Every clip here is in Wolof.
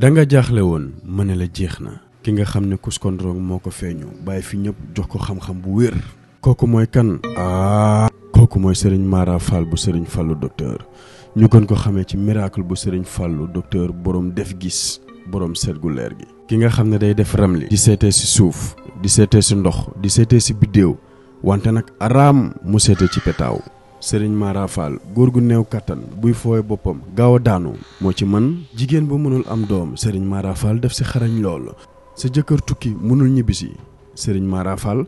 da nga jaaxle woon ma ne la jeex na ki nga xam ne Kuskondorong moo ko feeñu bàyyi fi ñëpp jox ko xam-xam bu wér. kooku mooy kan. ah kooku mooy Serigne Mara bu Serigne Fallou docteur ñu gën ko xamee ci miracle bu Serigne Fallou docteur borom def gis borom seet gu leer gi. ki nga xam ne day def ramli. di seetee si suuf di seetee si ndox di seetee si biddéew wante nag araam mu seetee ci petaaw. Serigne Mara góor gu néew kattan buy fooy boppam gaaw a daanu moo ci man jigéen bu mënul am doom Serigne Mara Fall def si xarañ lool sa jëkkër tukki mënul ñibbisi Serigne Mara Fall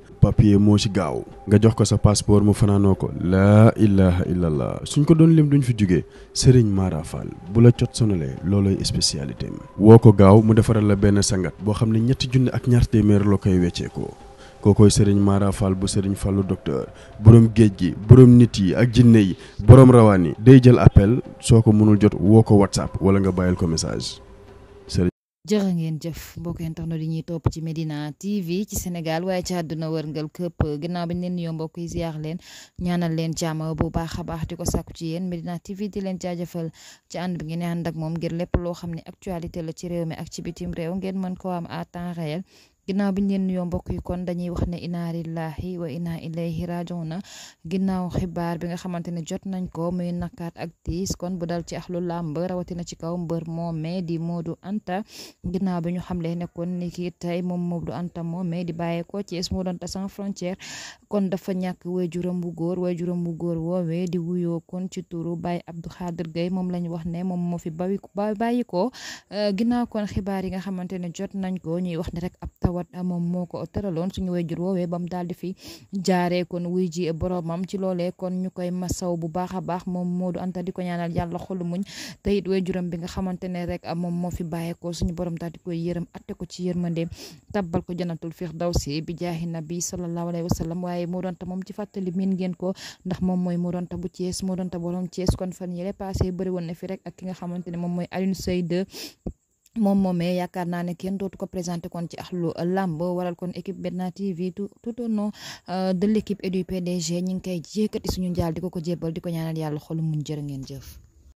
moo ci gaaw nga jox ko sa passeport mu fanaanoo ko laa ilaha illallah suñ ko doon lim duñ fi jóge Serigne Mara Fall bu la cot sonalee looloy spécialité mi woo ko gaaw mu defaral la benn sangat boo xam ne ñetti junni ak ñaar téeméer loo koy wecceekoo kookooy sëriñ Mara Fall bu sëriñ Fallu docteur boroom géej gi borom nit yi ak jinne yi boroom rawaan yi day jël appel soo ko mënul jot woo ko whatsapp wala nga bàyyil ko message. jërë ngeen jëf mbokk yi tax na di ñuy topp ci Medina TV ci Sénégal waaye ci àdduna wërngal këpp ginnaaw bi ñu leen nuyoo mbokk yi ziar leen ñaanal leen jàmm bu baax a baax di ko sàkku ci yéen Medina TV di leen jaajëfal ci ànd bi ngeen ànd ak moom ngir lépp loo xam ne actualité la ci réew mi ak ci bitim réew ngeen mën koo am à ginnaaw bi ñu leen nuyoo mbokk yi kon dañuy wax ne inna lillahi wa inna ilayhi rajiuna ginnaaw xibaar bi nga xamante ne jot nañ ko muy nakaat ak tiis kon bu dal ci axlu làmb rawatina ci kaw mbër moom moome di Modou Anta ginnaaw bi ñu xamle ne kon ni ki tey moom Modou Anta moome di bàyyeekoo Thiès moo doon sans frontière kon dafa ñàkk waajuram bu góor waajuram bu góor woowee di wuyoo kon ci turu Baye Abdou Khadir Gueye moom lañ wax ne moom moo fi bàyyi bàyyi ko ginnaaw kon xibaar yi nga xamante ne jot nañ ko ñuy wax tawat ah, moom moo ko tëraloon suñu wayjur woowee ba mu daal di fi jaaree kon wuy ji boromam ci loolee kon ñu koy masaw bu baax a baax moom Modou Anta di ko ñaanal yàlla xolu muñ te it wayjuram bi nga xamante ne rek ah, moom moo fi bàyyeekoo suñu borom daal di koy yërëm atte ko ci yërmande tabbal ko janatul firdawsi bi jaahi nabi sallallahu alayhi wa sallam waaye Modou Anta moom ci fàttali miin ngeen ko ndax moom mooy Modou Anta bu Thiès Modou Anta borom Thiès kon fan yële passé bëri woon na fi rek ak ki nga xamante ne moom mooy Alioune moom moomee yaakaar naa ne kenn dootu ko présenté kon ci axlu làmb waral kon équipe Medina TV tout tout au nom euh, de l' équipe et du PDG ñu ngi koy yëkkati suñu njaal di ko ko jébbal di ko ñaanal yàlla xolu muñ jërë ngeen jëf.